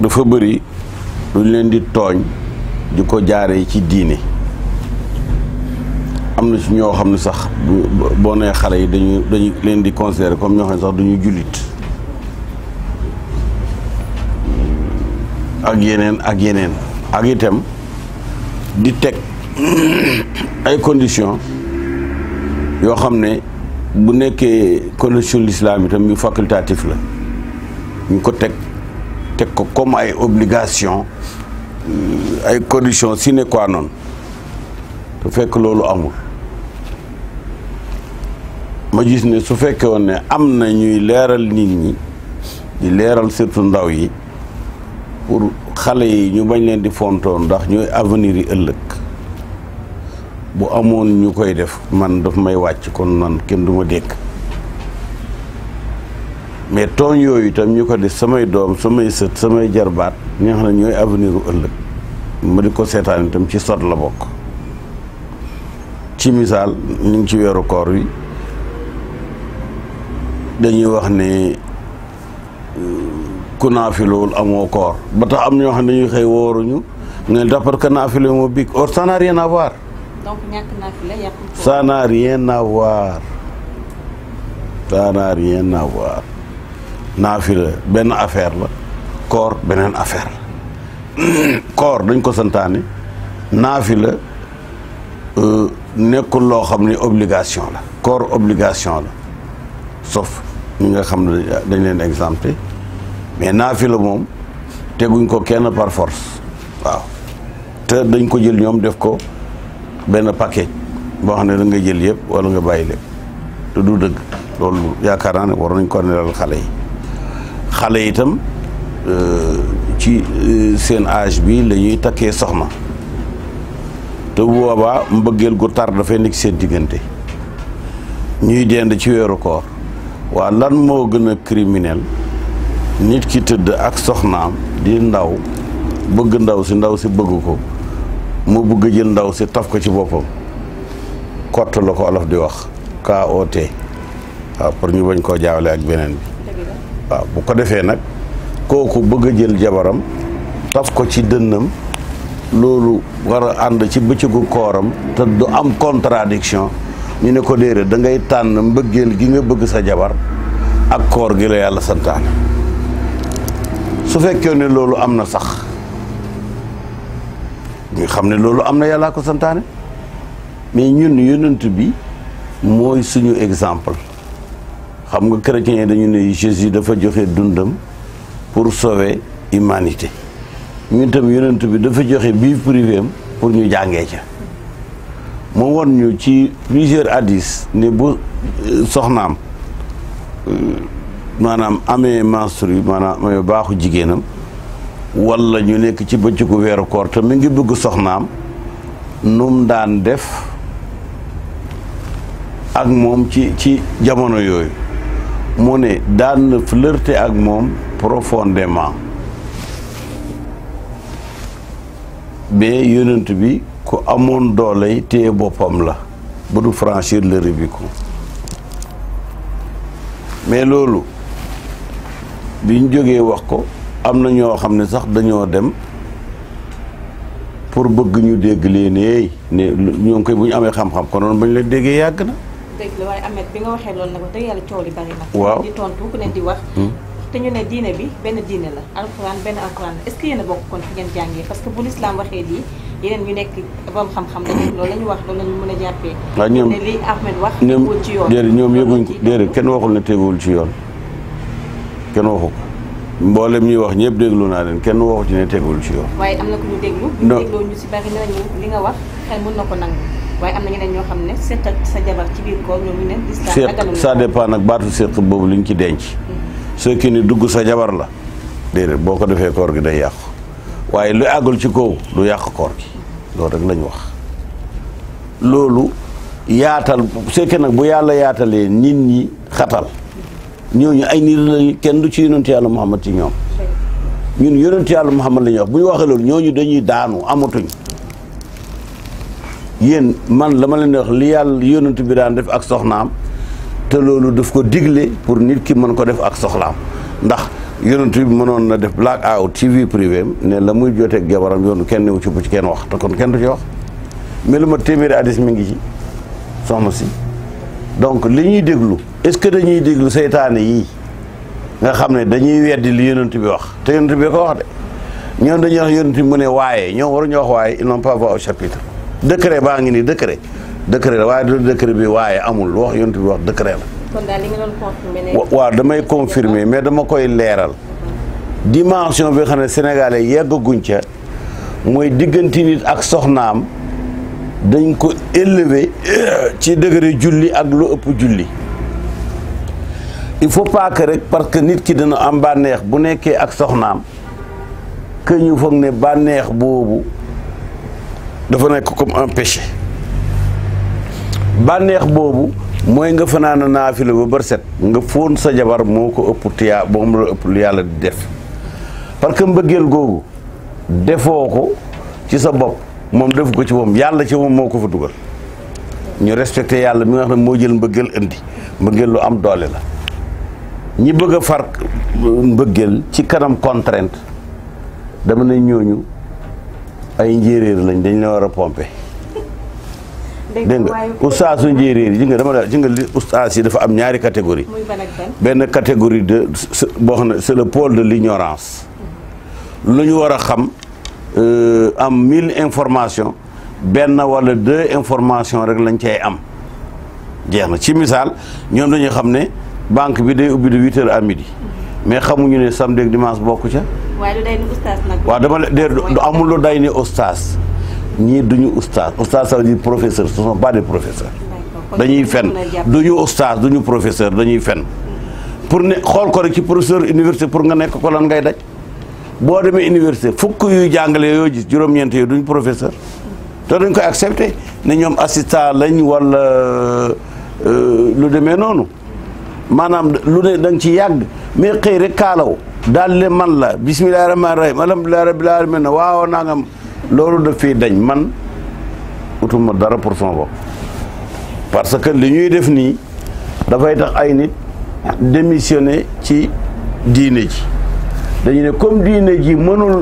dafa bëri lu ñu leen di tooñ di ko jaaree ci diini am na ci ñoo xam ne sax boo nee xale yi dañu dañu leen di considérer comme ñoo xam ne sax duñu jullit ak yeneen ak yeneen ak itam di teg ay conditions yoo xam ne bu nekkee condition l'islam itam yu facultatif la ñu ko teg teg ko comme ay obligation euh, ay condition sine qua non te fekk loolu amul ma gis ne su fekkee woon ne am na ñuy leeral nit ñi di leeral surtout ndaw yi pour xale yi ñu bañ leen di fontoon ndax ñooy avenir yi ëllëg bu amoon ñu koy def man daf may wàcc kon nan kenn du ma dégg mais tooñ yooyu itam ñu ko di samay doom samay sët samay jarbaat ñi nga xam ne ñooy avenir u ëllëg ma di ko seetaan itam ci sot la bokk ci misaal ñu ngi ci weeru koor wi dañuy wax ne ku naafiloowul amoo koor ba tax am ñoo xam ne dañuy xëy wooruñu nga ne parce que naafile moo big or ça n'a rien à voir donc ñàkk la benn affaire la koor beneen affaire la koor dañ ko santaane la euh, nekkul loo xam ne obligation la koor obligation la sof ñi nga xam ne dañ leen exemple mais la moom teguñ ko kenn par force waaw te dañ ko jël ñoom def ko benn paquet boo xam ne da nga jël yëpp wala nga bàyyi lépp te du dëgg loolu yaakaar naa ne war nañ ko nelal xale yi xale itam euh, ci euh, seen âge bi lañuy takkee soxna te booba mbëggeel gu tar dafay nekk seen diggante ñuy dend ci weeru koor waa lan moo gën a criminel nit ki tëdd ak soxnaam di ndaw bëgg ndaw si ndaw si bëgg ko mu bëgg jël ndaw si taf ko ci boppam kott la ko olof di wax KOT waaw pour ñu bañ koo jaawale ak beneen bi waaw bu ko defee nag kooku bëgg jël jabaram taf ko ci dënnam loolu war a ànd ci bëccëgu kooram te du am contradiction ñu ne ko déedéet da ngay tànn mbëggeel gi nga bëgg sa jabar ak koor gi la yàlla santaane su fekkee ne loolu am na sax ñu xam ne loolu am na yàllaa ko santaane mais ñun yonent bi mooy suñu exemple xam nga chrétien yi dañu ne Jésus dafa joxe dundam pour soowee humanité ñu tam yonent bi dafa joxe bii privé am pour ñu jàngee ca mu won ñu ci plusieurs hadis ne bu euh, soxnaam euh, maanaam amee menstru maanaam amee baaxu jigéenam walla ñu nekk ci bëccëgu weeru koor te mi ngi bëgg soxnaam num daan def ak moom ci ci jamono yooyu mu ne daan na ak moom profondement mais yonent bi ku amoon dooley téye boppam la ba du franchir le Rubicon mais loolu bi ñu jógee wax ko am na ñoo xam ne sax dañoo dem pour bëgg ñu dégg leen ne ñoo ngi koy bu ñu amee xam-xam konoon ba ñu la déggee yàgg na dëgg la waaye Ahmed bi nga waxee loolu nag wax dëgg yàlla coow li bari na. waaw di tontu ku ne di wax. Hmm. te ñu ne diine bi benn diine la alxuraan benn alxuraan est-ce que yéen a bokk kon fi ngeen jàngee parce que bu lislaam waxee lii yeneen ñu nekk borom xam-xam lañu loolu la ñu wax a jàppee. waaw ñoom ci yoon déedéet ñoom yëguñ ko déedéet kenn waxul ne teguwul ci yoon kenn waxu ko mboolem ñuy wax ñëpp déglu naa leen kenn waxu ci ne teguwul ci yoon. waaye am na ku ñu déglu. ñu dégloo li nga wax xel na ko nangu waaye am na xam ne seq ak sa jabar ci nag baatu seq boobu li ci denc sekki mm-hmm. ni dugg sa jabar la déedéet boo ko defee koor gi day yàqu waaye lu àggul ci kaw lu yàq koor gi loolu rek lañ wax loolu yaatal sekki nag bu yàlla yaatalee nit ñi xatal ñooñu ay nit lañu kenn du ci yonent yàlla Muhammad ci ñoom ñun yonent yàlla Muhammad la ñuy wax bu ñu waxee loolu ñooñu dañuy daanu amatuñ yéen man la ma leen di wax li yàlla yonent bi daan def ak soxnaam te loolu daf ko digle pour nit ki mën ko def ak soxlaam ndax yonent bi mënoon na def black out ci vie privée ne la muy joteeg jabaram yoonu kenn wu ci bu ci kenn wax te kon kenn du ci wax mais lu ma téeméeri addis mi ngi ci si donc li ñuy déglu est-ce que dañuy déglu seytaane yii nga xam ne dañuy weddi li yonent bi wax te yonent bi ko wax de ñoom dañuy wax yonent bi mu ne waaye ñoom waruñu wax waaye ils n'ont pas voix au chapitre décret baa ngi nii décret décret la waaye du décret bi waaye amul wax yonent bi wax décret la. waaw damay confirmer mais dama koy leeral. dimension bi xam ne sénégalais yeggaguñ ca mooy diggante nit ak soxnaam dañ ko élever ci degré julli ak lu ëpp julli il faut pas rek parce que nit ki dana am bànneex bu nekkee ak soxnaam que ñu foog ne bànneex boobu. dafa nekk comme en péché bànneex boobu mooy nga fanaan naafila ba bër set nga foon sa jabar moo ko ëpp tiyaa moom la ëpp lu yàlla di def parce que mbëggeel googu defoo ko ci sa bopp moom defu ko ci moom yàlla ci moom moo ko fa dugal ñu respecté yàlla mu nga xam ne moo jël mbëggeel indi mbëggeel lu am doole la ñi bëgg a far mbëggeel ci kanam contrainte dama ne ñooñu ay njéeréer lañ dañ la war a pomper. dégg nga ustaasu njéeréer yi nga dama la ji nga li ustaas yi dafa am ñaari catégorie benn catégorie de boo xam ne c'est le pôle de l'ignorance lu ñu war a xam euh, am mille information benn wala deux information rek lañ cay am jeex na ci misaal ñoom dañu xam ne banque bi day ubbi de huit heures à midi mais xamuñu ne samedi ak dimanche bokku ca waaye du day ni ustaas dama la déer du amul day ni ustaas ñii duñu ustaas ustaas ça veut dire professeur ce sont pas des professeurs. dañuy fen duñu ustaas duñu professeur dañuy fen pour ne xool ko rek ci professeur université pour nga nekk ko lan ngay daj boo demee université fukk yuy jàngale yoo gis juróom-ñeent yooyu duñ professeur te dañ koy accepté ne ñoom assistant lañ wala euh, lu demee noonu maanaam lu ne da ci yàgg mais xëy rek kaalaw daal ne man la bisimilah rahmaani rahim alhamdulilah rabbil alamin na waaw naa nga loolu daf fii dañ man utuma dara pour sama bopp parce que li ñuy def nii dafay tax ay nit démissionner ci diine ji dañu ne comme diine ji mënul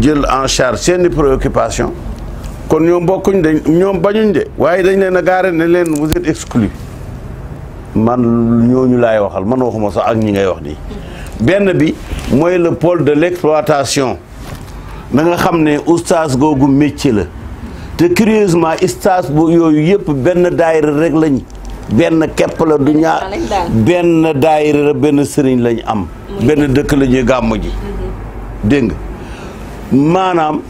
jël en charge seeni préoccupation kon ñoom bokkuñ dañ ñoom bañuñ de waaye dañ leen a gaare ne leen vous êtes exclu man ñooñu laay waxal man waxuma sax ak ñi ngay wax nii benn bi mooy le pôle de l'exploitation na nga xam ne ustaas googu métier la te curieusement ustaas bu yooyu yëpp benn daayira rek lañ benn kepp la du ñaar benn daayira la benn sëriñ lañ am benn dëkk la ñuy gàmmu ji mm-hmm. dégg nga maanaam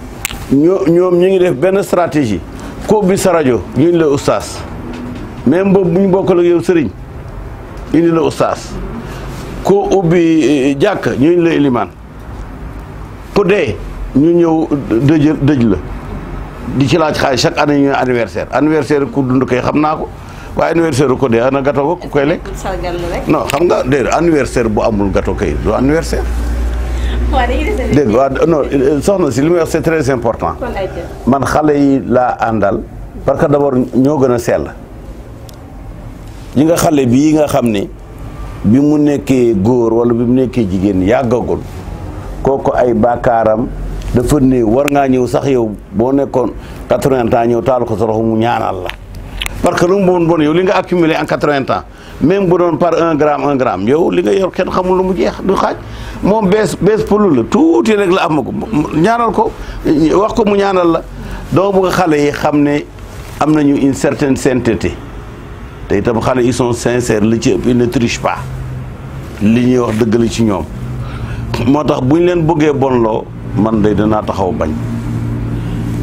ñoo ñoom ñu ngi def benn stratégie ko bi sa rajo ñu la ustaas même boobu bu ñu bokkal ak yow sëriñ indi la ustaas ku ubbi eh, eh, jàkk ñu indi la ilimaan ku dee ñu ñëw dëj dëj la di ci laaj xaalis chaque année ñu anniversaire anniversaire ku dund koy xam naa ko waaye anniversaire ko dee ana gato ba ku koy lekk non xam nga déedéet anniversaire bu amul gato kay du anniversaire dégg waa non euh, soxna si li c'est très important man xale yi laa àndal parce que d'abord ñoo gën a sell ñi nga xale bii nga xam ne bi mu nekkee góor wala bi mu nekkee jigéen yàggagul kooku ay bàkkaaram dafa ne war ngaa ñëw sax yow boo nekkoon quatre-vingts ans ñëw taal ko sorox mu ñaanal la parce que lu mu bon yow li nga accumulé en quatre-vingts même bu doon par un gramme un gramme yow li nga yor kenn xamul lu mu jeex du xaaj moom bees bees pëlu la tuuti rek la am ko ñaanal ko wax ko mu la doo xale yi xam ne am nañu une certaine sainteté te itam xale ils sont sincères li ci ëpp ils pas li ñuy wax dëgg ci ñoom moo tax bu ñu leen bëggee loo man day danaa taxaw bañ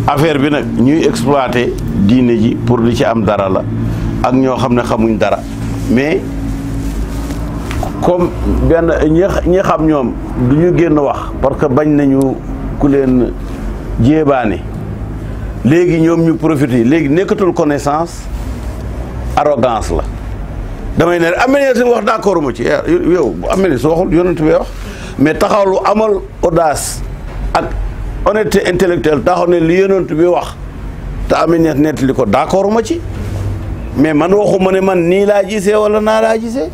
affaire bi nag ñuy exploiter diine ji pour li ci am dara la ak ñoo xam ne xamuñ dara mais comme benn ñi xam ñoom du ñu génn wax parce que bañ nañu ku leen jéebaane léegi ñoom ñu profiter léegi nekkatul connaissance arrogance la damay ne Aminata wax d'accord mu ci eh, yow Aminata waxul yonent bi wax mais taxaw lu amal audace ak honnêteté intellectuelle taxaw ne li yonent bi wax te Aminata nettali ko d'accord ma ci mais man waxuma ne man nii laa gisee wala naa laa gisee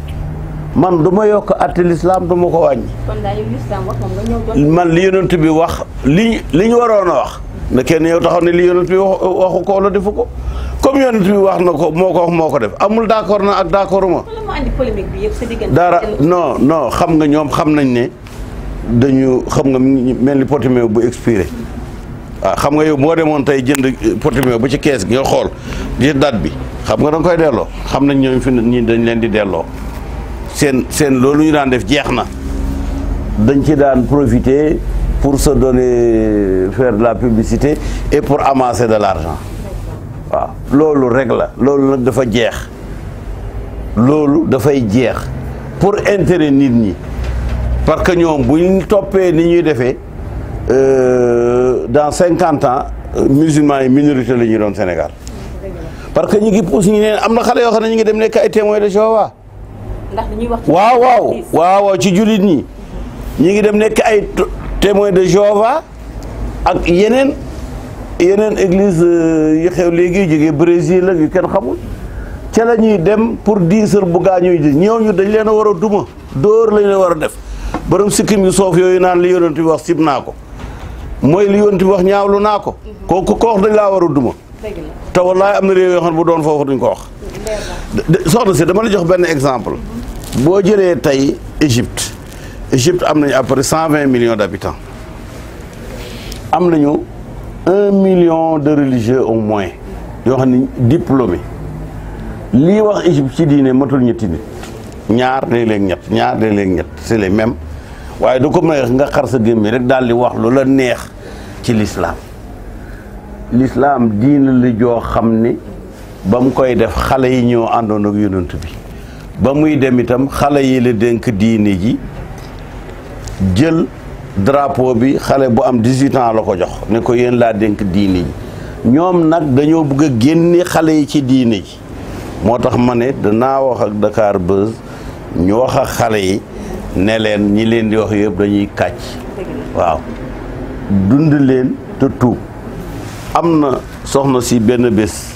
man du ma yokk atti l'islam du ma ko wàññi man li yonent bi wax li li ñu waroon a wax na kenn yow taxaw ne li yonent bi waxu ko defu ko comme yonent bi wax na ko moo ko wax moo ko def amul d' accord na ak d' accord ma. no non xam nga ñoom xam nañ ne dañu xam nga mel ni porte bu expiré waaw ah, xam nga yow moo demoon tey jënd porte-monnaie bu ci kees gi nga xool di date bi xam nga da koy delloo xam nañ ñoom fi nii dañ leen di delloo seen seen loolu ñu daan def jeex na dañ ci daan profiter pour se donner faire de la publicité et pour amasser de l' waaw loolu rek la loolu nag dafa jeex loolu dafay jeex pour intérêt nit ñi parce que ñoom bu ñu toppee ni ñuy defee euh, dans cinquante ans musulmans yi minorité la ñuy doon Sénégal parce que ñu ngi pousse ñu ne am na xale yoo xam ñu ngi dem nekk ay témoins de ndax dañuy wax waaw waaw waaw ci jullit ñi ñu ngi dem nekk ay témoins de Jéhovah ak yeneen. yeneen église euh, yi xew léegi jógee Brésil ak yu kenn xamul ca la ñuy dem pour dix heures bu gaañoo ñëw ñooñu dañ leen a war a duma dóor lañ leen war a def borom sikkim yu soof yooyu naan li yonent bi wax sib naa ko mooy li yonent bi wax ñaawlu naa ko mhm. kooku koox dañ laa war a duma te wallaay am na réew yoo xam bu doon foofu duñ ko wax soxna si dama la jox benn exemple mhm. boo jëlee tey Égypte Égypte am nañu à peu près cent vingt millions d'habitants am nañu un million de religieux au moins yoo xam ne diplômé lii wax Égypte ci diine matul ñetti nit ñaar léeg-léeg ñett ñaar léeg-léeg ñett c'est les mêmes waaye du ko may nga xar sa gémmi rek daal di wax lu la neex ci l'islam l'islam diine la joo xam ni ba mu koy def xale yi ñoo àndoon ak yonent bi ba muy dem itam xale yi la dénk diine ji jël drapeau bi xale bu am 18 ans la ko jox ne ko yéen laa dénk diine ji ñoom nag dañoo bëgg a génne xale yi ci diine ji moo tax ma ne danaa wax ak Dakar Buzz ñu wax xale yi ne leen ñi leen di wax yëpp dañuy kàcc waaw dund leen te tuub am na soxna si benn bés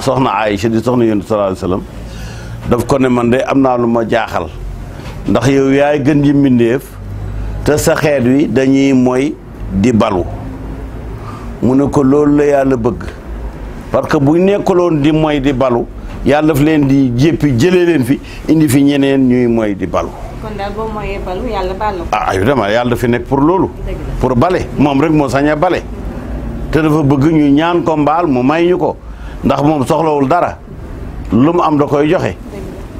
soxna ay di soxna yonent sallallahu alayhi wasallam daf ko ne man de am naa lu ma jaaxal ndax yow yaay gën ji mbindeef te sa xeet wi dañuy moy di balu mu ne ko loolu la yàlla bëgg parce que bu nekkaloon di mooy di balu yàlla daf leen di jéppi jëlee leen fi indi fi ñeneen ñuy mooy di balu. kon yàlla baal na ah yàlla dafa nekk pour loolu. pour bale moom rek moo sañ a bale. te dafa bëgg ñu ñaan ko mbaal mu may ñu ko ndax moom soxlawul dara lu mu am da koy joxe.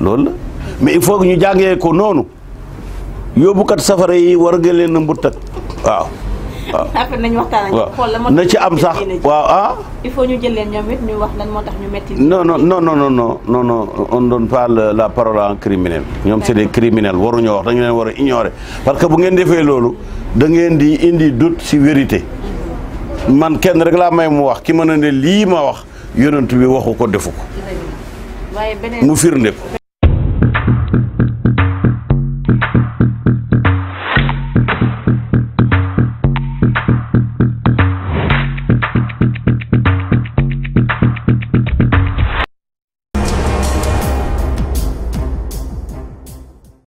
loolu la mais il faut ñu jàngee ko noonu. yóbbukat safara yi war nga leen a mbuttak waaw. waaw après nañu waxtaan ak xool la na ci am sax waaw ah. il faut ñu jël leen ñoom it ñu wax lan moo tax ñu metti. non non non non non non non on donne pas la parole en criminel ñoom c'est des criminels waruñoo wax dañu leen war a ignorer parce que bu ngeen defee loolu da ngeen di indi doute ci vérité man kenn rek laa may mu wax ki mën a ne lii ma wax yonent bi waxu ko defu ko. mu firnde ko.